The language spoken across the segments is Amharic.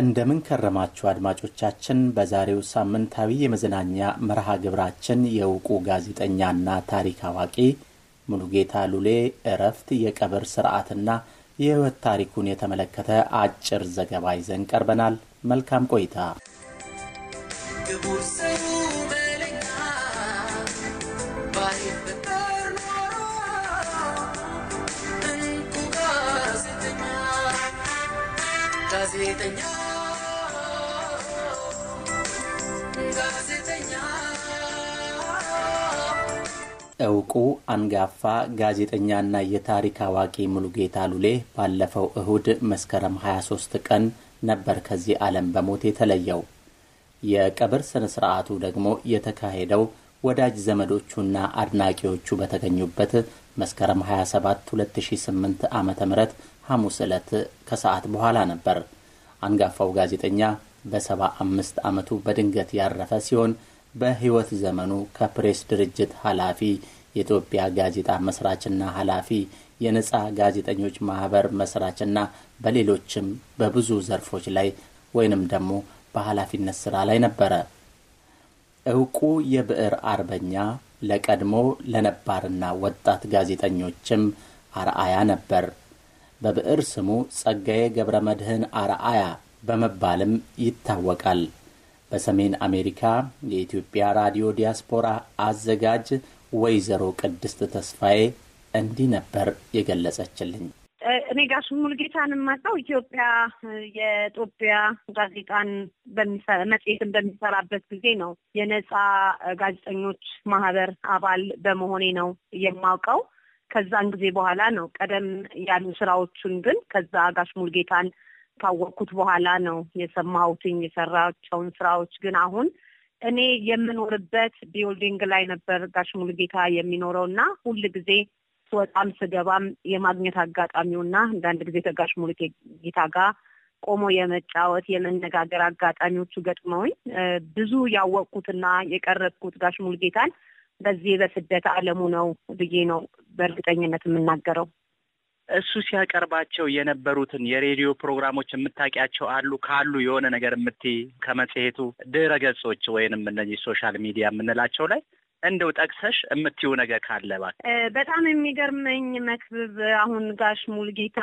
እንደምን ከረማችሁ አድማጮቻችን። በዛሬው ሳምንታዊ የመዝናኛ መርሃ ግብራችን የውቁ ጋዜጠኛና ታሪክ አዋቂ ሙሉጌታ ሉሌ እረፍት የቀብር ስርዓትና የህይወት ታሪኩን የተመለከተ አጭር ዘገባ ይዘን ቀርበናል። መልካም ቆይታ። ጋዜጠኛ እውቁ አንጋፋ ጋዜጠኛና የታሪክ አዋቂ ሙሉጌታ ሉሌ ባለፈው እሁድ መስከረም 23 ቀን ነበር ከዚህ ዓለም በሞት የተለየው። የቀብር ስነ ስርዓቱ ደግሞ የተካሄደው ወዳጅ ዘመዶቹና አድናቂዎቹ በተገኙበት መስከረም 27 2008 ዓ ም ሐሙስ ዕለት ከሰዓት በኋላ ነበር። አንጋፋው ጋዜጠኛ በ75 ዓመቱ በድንገት ያረፈ ሲሆን በሕይወት ዘመኑ ከፕሬስ ድርጅት ኃላፊ፣ የኢትዮጵያ ጋዜጣ መስራችና ኃላፊ፣ የነፃ ጋዜጠኞች ማኅበር መስራችና በሌሎችም በብዙ ዘርፎች ላይ ወይንም ደግሞ በኃላፊነት ሥራ ላይ ነበረ። እውቁ የብዕር አርበኛ ለቀድሞ ለነባርና ወጣት ጋዜጠኞችም አርአያ ነበር። በብዕር ስሙ ጸጋዬ ገብረ መድህን አርአያ በመባልም ይታወቃል። በሰሜን አሜሪካ የኢትዮጵያ ራዲዮ ዲያስፖራ አዘጋጅ ወይዘሮ ቅድስት ተስፋዬ እንዲህ ነበር የገለጸችልኝ። እኔ ጋሽ ሙልጌታን የማውቀው ኢትዮጵያ የጦቢያ ጋዜጣን መጽሔትን በሚሰራበት ጊዜ ነው። የነጻ ጋዜጠኞች ማህበር አባል በመሆኔ ነው የማውቀው። ከዛን ጊዜ በኋላ ነው። ቀደም ያሉ ስራዎቹን ግን ከዛ ጋሽ ሙልጌታን ካወቅኩት በኋላ ነው የሰማሁትኝ የሰራቸውን ስራዎች። ግን አሁን እኔ የምኖርበት ቢልዲንግ ላይ ነበር ጋሽ ሙሉጌታ የሚኖረው እና ሁል ጊዜ ስወጣም ስገባም የማግኘት አጋጣሚውና አንዳንድ ጊዜ ከጋሽ ሙሉጌታ ጋር ቆሞ የመጫወት የመነጋገር አጋጣሚዎቹ ገጥመውኝ ብዙ ያወቅኩትና የቀረብኩት ጋሽ ሙሉጌታን በዚህ በስደት አለሙ ነው ብዬ ነው በእርግጠኝነት የምናገረው። እሱ ሲያቀርባቸው የነበሩትን የሬዲዮ ፕሮግራሞች የምታውቂያቸው አሉ ካሉ የሆነ ነገር የምትይ ከመጽሔቱ ድረ ገጾች ወይንም እነዚህ ሶሻል ሚዲያ የምንላቸው ላይ እንደው ጠቅሰሽ የምትይው ነገር ካለ እባክህ። በጣም የሚገርመኝ መክብብ፣ አሁን ጋሽ ሙልጌታ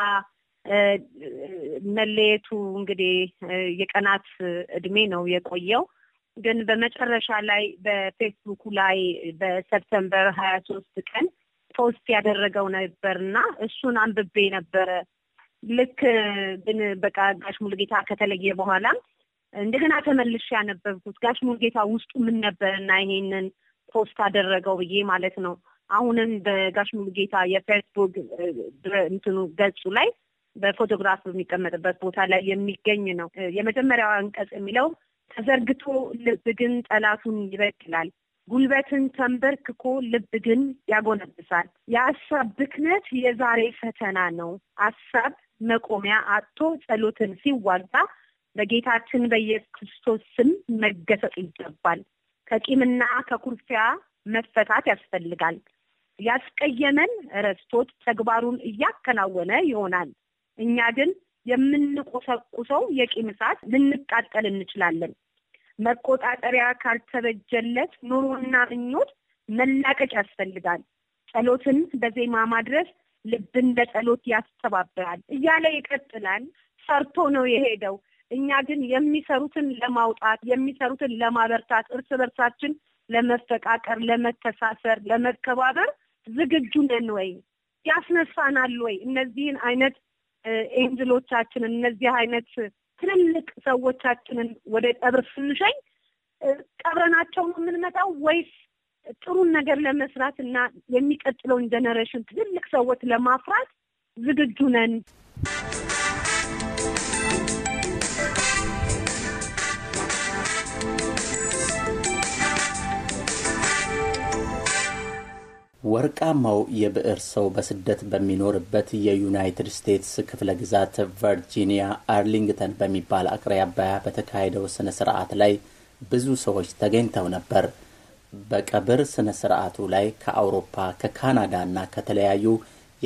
መለየቱ እንግዲህ የቀናት እድሜ ነው የቆየው ግን በመጨረሻ ላይ በፌስቡኩ ላይ በሰፕተምበር ሀያ ሶስት ቀን ፖስት ያደረገው ነበር እሱን አንብቤ ነበረ። ልክ ግን በቃ ጋሽ ሙልጌታ ከተለየ በኋላ እንደገና ተመልሼ ያነበብኩት ጋሽ ሙልጌታ ውስጡ ምን ነበርና ይሄንን ፖስት አደረገው ብዬ ማለት ነው። አሁንም በጋሽ ሙልጌታ የፌስቡክ እንትኑ ገጹ ላይ በፎቶግራፍ በሚቀመጥበት ቦታ ላይ የሚገኝ ነው። የመጀመሪያው አንቀጽ የሚለው ተዘርግቶ ልብ ግን ጠላቱን ይበድላል ጉልበትን ተንበርክኮ ልብ ግን ያጎነብሳል። የአሳብ ብክነት የዛሬ ፈተና ነው። አሳብ መቆሚያ አጥቶ ጸሎትን ሲዋጋ በጌታችን በኢየሱስ ክርስቶስ ስም መገሰጥ ይገባል። ከቂምና ከኩርፊያ መፈታት ያስፈልጋል። ያስቀየመን ረስቶት ተግባሩን እያከናወነ ይሆናል። እኛ ግን የምንቆሰቁሰው የቂም እሳት ልንቃጠል እንችላለን። መቆጣጠሪያ ካልተበጀለት ኑሮና ምኞት መላቀቅ ያስፈልጋል። ጸሎትን በዜማ ማድረስ ልብን ለጸሎት ያስተባብራል እያለ ይቀጥላል። ሰርቶ ነው የሄደው። እኛ ግን የሚሰሩትን ለማውጣት የሚሰሩትን ለማበርታት፣ እርስ በርሳችን ለመፈቃቀር፣ ለመተሳሰር፣ ለመከባበር ዝግጁ ነን ወይ? ያስነሳናል ወይ? እነዚህን አይነት ኤንጅሎቻችን እነዚህ አይነት ትልልቅ ሰዎቻችንን ወደ ቀብር ስንሸኝ ቀብረናቸው ነው የምንመጣው ወይስ ጥሩን ነገር ለመስራት እና የሚቀጥለውን ጀኔሬሽን ትልልቅ ሰዎች ለማፍራት ዝግጁ ነን? ወርቃማው የብዕር ሰው በስደት በሚኖርበት የዩናይትድ ስቴትስ ክፍለ ግዛት ቨርጂኒያ አርሊንግተን በሚባል አቅራቢያ በተካሄደው ስነ ስርዓት ላይ ብዙ ሰዎች ተገኝተው ነበር። በቀብር ስነ ስርዓቱ ላይ ከአውሮፓ ከካናዳና ከተለያዩ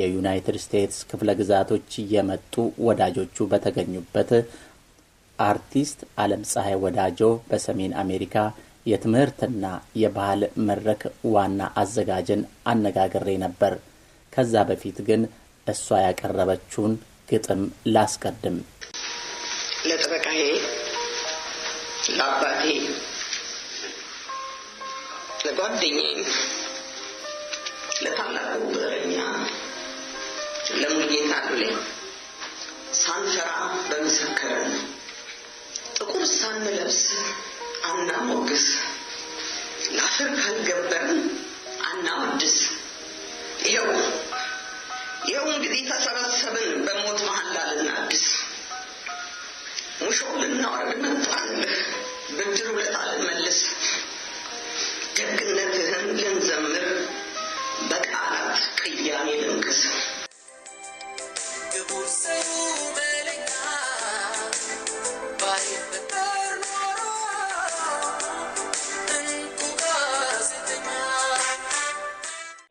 የዩናይትድ ስቴትስ ክፍለ ግዛቶች የመጡ ወዳጆቹ በተገኙበት አርቲስት አለም ፀሐይ ወዳጆ በሰሜን አሜሪካ የትምህርትና የባህል መድረክ ዋና አዘጋጅን አነጋግሬ ነበር። ከዛ በፊት ግን እሷ ያቀረበችውን ግጥም ላስቀድም። ለጥበቃዬ ለአባቴ ለጓደኛዬ ለታላቁ ብዕረኛ ለሙጌታ ሉሌ ሳንፈራ በመሰከረን ጥቁር ሳንለብስ አናሞግስ ለአፈር ካልገበርን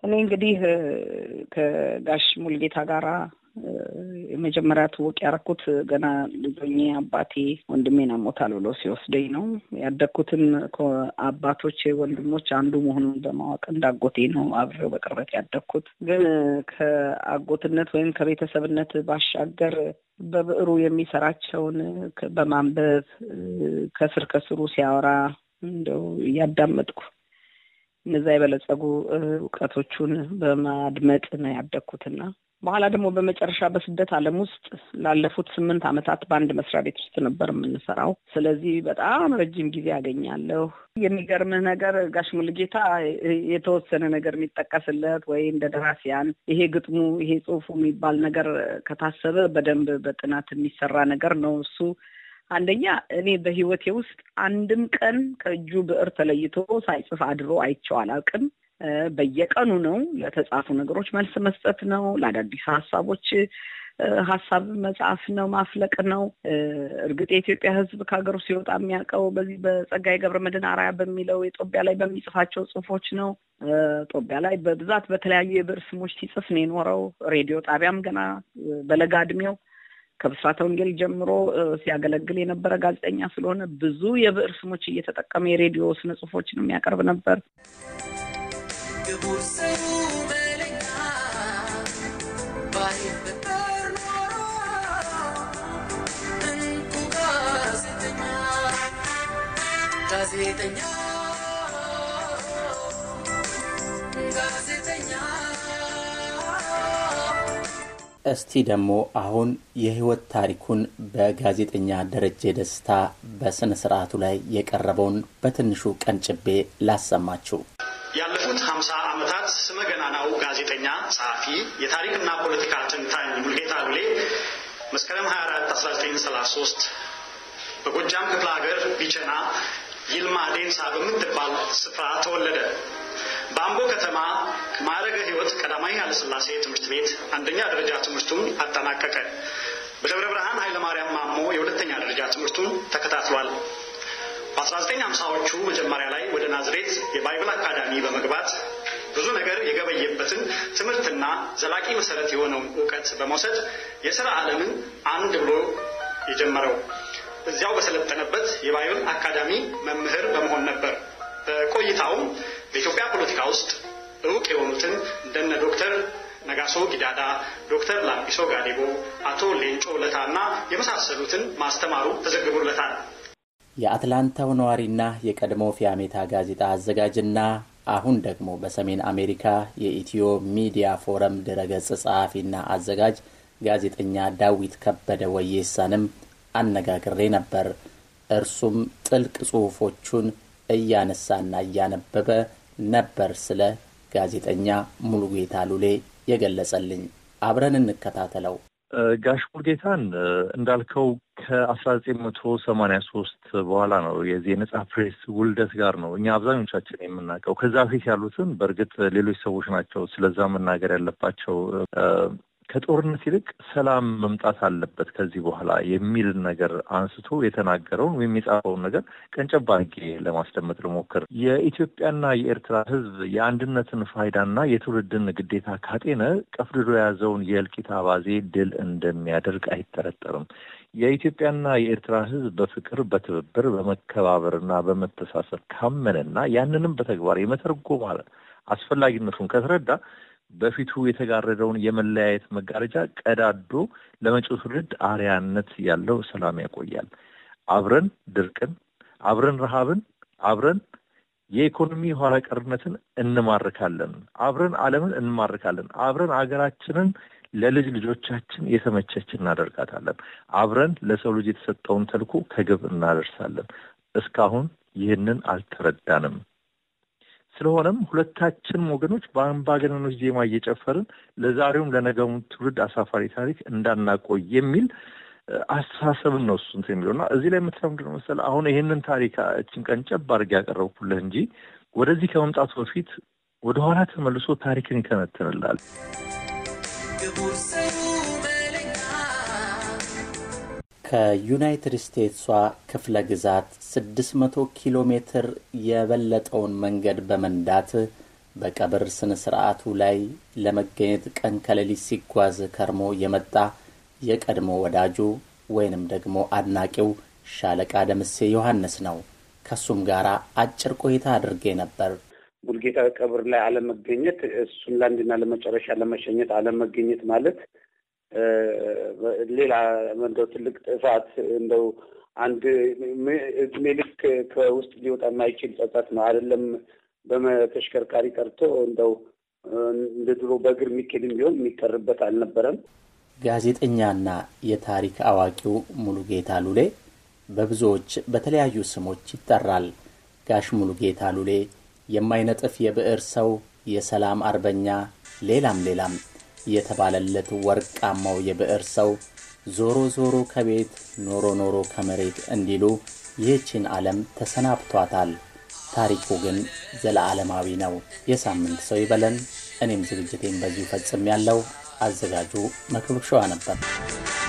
እኔ እንግዲህ ከጋሽ ሙልጌታ ጋራ የመጀመሪያ ትውቅ ያረኩት ገና ልጆኜ አባቴ ወንድሜ አሞታል ብሎ ሲወስደኝ ነው። ያደግኩትም አባቶች ወንድሞች አንዱ መሆኑን በማወቅ እንዳጎቴ ነው አብሬው በቅርበት ያደግኩት። ግን ከአጎትነት ወይም ከቤተሰብነት ባሻገር በብዕሩ የሚሰራቸውን በማንበብ ከስር ከስሩ ሲያወራ እንደው እያዳመጥኩ እነዛ የበለጸጉ እውቀቶቹን በማድመጥ ነው ያደግኩትና በኋላ ደግሞ በመጨረሻ በስደት ዓለም ውስጥ ላለፉት ስምንት ዓመታት በአንድ መስሪያ ቤት ውስጥ ነበር የምንሰራው። ስለዚህ በጣም ረጅም ጊዜ ያገኛለሁ። የሚገርምህ ነገር ጋሽ ጌታ የተወሰነ ነገር የሚጠቀስለት ወይ እንደ ደራሲያን ይሄ ግጥሙ ይሄ ጽሁፉ የሚባል ነገር ከታሰበ በደንብ በጥናት የሚሰራ ነገር ነው እሱ አንደኛ እኔ በህይወቴ ውስጥ አንድም ቀን ከእጁ ብዕር ተለይቶ ሳይጽፍ አድሮ አይቼው አላውቅም። በየቀኑ ነው ለተጻፉ ነገሮች መልስ መስጠት ነው፣ ለአዳዲስ ሀሳቦች ሀሳብ መጽሐፍ ነው፣ ማፍለቅ ነው። እርግጥ የኢትዮጵያ ሕዝብ ከሀገሩ ሲወጣ የሚያውቀው በዚህ በጸጋዬ ገብረ መድኅን አርአያ በሚለው የጦቢያ ላይ በሚጽፋቸው ጽሁፎች ነው። ጦቢያ ላይ በብዛት በተለያዩ የብዕር ስሞች ሲጽፍ ነው የኖረው። ሬዲዮ ጣቢያም ገና በለጋ እድሜው ከብስራተ ወንጌል ጀምሮ ሲያገለግል የነበረ ጋዜጠኛ ስለሆነ ብዙ የብዕር ስሞች እየተጠቀመ የሬዲዮ ስነ ጽሁፎችን የሚያቀርብ ነበር። ጋዜጠኛ እስቲ ደግሞ አሁን የህይወት ታሪኩን በጋዜጠኛ ደረጀ ደስታ በስነ ስርዓቱ ላይ የቀረበውን በትንሹ ቀንጭቤ ላሰማችሁ። ያለፉት ሀምሳ ዓመታት ስመ ገናናው ጋዜጠኛ ጸሐፊ፣ የታሪክና ፖለቲካ ትንታኝ ሙልጌታ ብሌ መስከረም 24 1933 በጎጃም ክፍለ ሀገር ቢቸና ይልማ ዴንሳ በምትባል ስፍራ ተወለደ። በአምቦ ከተማ ማዕረገ ሕይወት ቀዳማዊ ኃይለሥላሴ ትምህርት ቤት አንደኛ ደረጃ ትምህርቱን አጠናቀቀ። በደብረ ብርሃን ኃይለማርያም ማሞ የሁለተኛ ደረጃ ትምህርቱን ተከታትሏል። በ1950ዎቹ መጀመሪያ ላይ ወደ ናዝሬት የባይብል አካዳሚ በመግባት ብዙ ነገር የገበየበትን ትምህርትና ዘላቂ መሰረት የሆነውን እውቀት በመውሰድ የሥራ ዓለምን አንድ ብሎ የጀመረው እዚያው በሰለጠነበት የባይብል አካዳሚ መምህር ነጋሶ ጊዳዳ፣ ዶክተር ላጲሶ ጋዴቦ፣ አቶ ሌንጮ ለታና የመሳሰሉትን ማስተማሩ ተዘግቦለታል። የአትላንታው ነዋሪና የቀድሞ ፊያሜታ ጋዜጣ አዘጋጅና አሁን ደግሞ በሰሜን አሜሪካ የኢትዮ ሚዲያ ፎረም ድረገጽ ጸሐፊና አዘጋጅ ጋዜጠኛ ዳዊት ከበደ ወየሳንም አነጋግሬ ነበር። እርሱም ጥልቅ ጽሑፎቹን እያነሳና እያነበበ ነበር ስለ ጋዜጠኛ ሙሉጌታ ሉሌ የገለጸልኝ። አብረን እንከታተለው። ጋሽ ሙሉጌታን እንዳልከው ከአስራ ዘጠኝ መቶ ሰማኒያ ሶስት በኋላ ነው የዚህ የነጻ ፕሬስ ውልደት ጋር ነው እኛ አብዛኞቻችን የምናውቀው። ከዛ ፊት ያሉትን በእርግጥ ሌሎች ሰዎች ናቸው ስለዛ መናገር ያለባቸው። ከጦርነት ይልቅ ሰላም መምጣት አለበት ከዚህ በኋላ የሚል ነገር አንስቶ የተናገረውን ወይም የጻፈውን ነገር ቀንጨብ አድርጌ ለማስደመጥ ልሞክር። የኢትዮጵያና የኤርትራ ሕዝብ የአንድነትን ፋይዳና የትውልድን ግዴታ ካጤነ ቀፍድዶ የያዘውን የእልቂት አባዜ ድል እንደሚያደርግ አይጠረጠርም። የኢትዮጵያና የኤርትራ ህዝብ በፍቅር፣ በትብብር፣ በመከባበርና በመተሳሰብ ካመነና ያንንም በተግባር የመተርጎ ማለት አስፈላጊነቱን ከተረዳ በፊቱ የተጋረደውን የመለያየት መጋረጃ ቀዳዶ ለመጪው ትውልድ አርያነት ያለው ሰላም ያቆያል። አብረን ድርቅን፣ አብረን ረሃብን፣ አብረን የኢኮኖሚ ኋላ ቀርነትን እንማርካለን። አብረን ዓለምን እንማርካለን። አብረን አገራችንን ለልጅ ልጆቻችን የተመቸች እናደርጋታለን። አብረን ለሰው ልጅ የተሰጠውን ተልኩ ከግብ እናደርሳለን። እስካሁን ይህንን አልተረዳንም። ስለሆነም ሁለታችንም ወገኖች በአምባገነኖች ዜማ እየጨፈርን ለዛሬውም ለነገሙ ትውልድ አሳፋሪ ታሪክ እንዳናቆይ የሚል አስተሳሰብን ነው እሱ እንትን የሚለው እና እዚህ ላይ የምትሰምድ መሰለ አሁን ይህንን ታሪካችን ቀንጨብ አድርጌ ያቀረብኩልህ እንጂ ወደዚህ ከመምጣቱ በፊት ወደኋላ ተመልሶ ታሪክን ይተነትንላል። ከዩናይትድ ስቴትሷ ክፍለ ግዛት 600 ኪሎ ሜትር የበለጠውን መንገድ በመንዳት በቀብር ስነ ስርዓቱ ላይ ለመገኘት ቀን ከሌሊት ሲጓዝ ከርሞ የመጣ የቀድሞ ወዳጁ ወይንም ደግሞ አድናቂው ሻለቃ ደምሴ ዮሐንስ ነው። ከሱም ጋር አጭር ቆይታ አድርጌ ነበር። ሙልጌታ ቀብር ላይ አለመገኘት፣ እሱን ለአንድና ለመጨረሻ ለመሸኘት አለመገኘት ማለት ሌላ እንደው ትልቅ ጥፋት እንደው አንድ እድሜ ልክ ከውስጥ ሊወጣ የማይችል ጸጸት ነው። አይደለም በተሽከርካሪ ቀርቶ እንደው እንደ ድሮ በእግር የሚኬድም ቢሆን የሚቀርበት አልነበረም። ጋዜጠኛና የታሪክ አዋቂው ሙሉጌታ ሉሌ በብዙዎች በተለያዩ ስሞች ይጠራል። ጋሽ ሙሉጌታ ሉሌ የማይነጥፍ የብዕር ሰው፣ የሰላም አርበኛ፣ ሌላም ሌላም የተባለለት ወርቃማው የብዕር ሰው ዞሮ ዞሮ ከቤት ኖሮ ኖሮ ከመሬት እንዲሉ ይህችን ዓለም ተሰናብቷታል። ታሪኩ ግን ዘለዓለማዊ ነው። የሳምንት ሰው ይበለን። እኔም ዝግጅቴን በዚሁ ፈጽም ያለው አዘጋጁ መክብብ ሸዋ ነበር።